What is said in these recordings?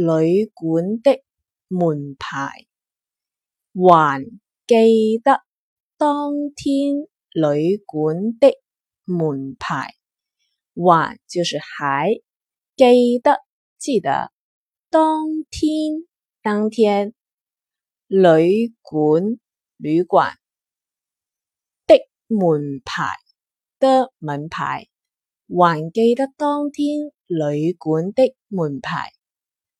旅館的門牌，還記得當天旅館的門牌，還就是喺記得記得當天當天旅館旅館的門牌的門牌，還記得當天旅館的，的門牌。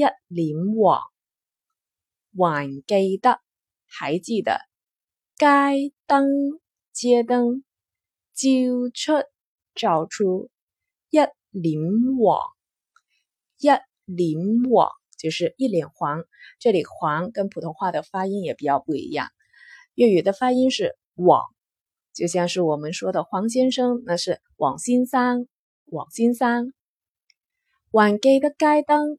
一臉黃，還記得，還記得街燈，街燈照出，照出一臉黃，一臉黃，就是一臉黃。這裏黃跟普通話的發音也比較不一樣，粵語的發音是黃，就像是我們說的黃先生，那是黃先生，黃先生，還記得街燈。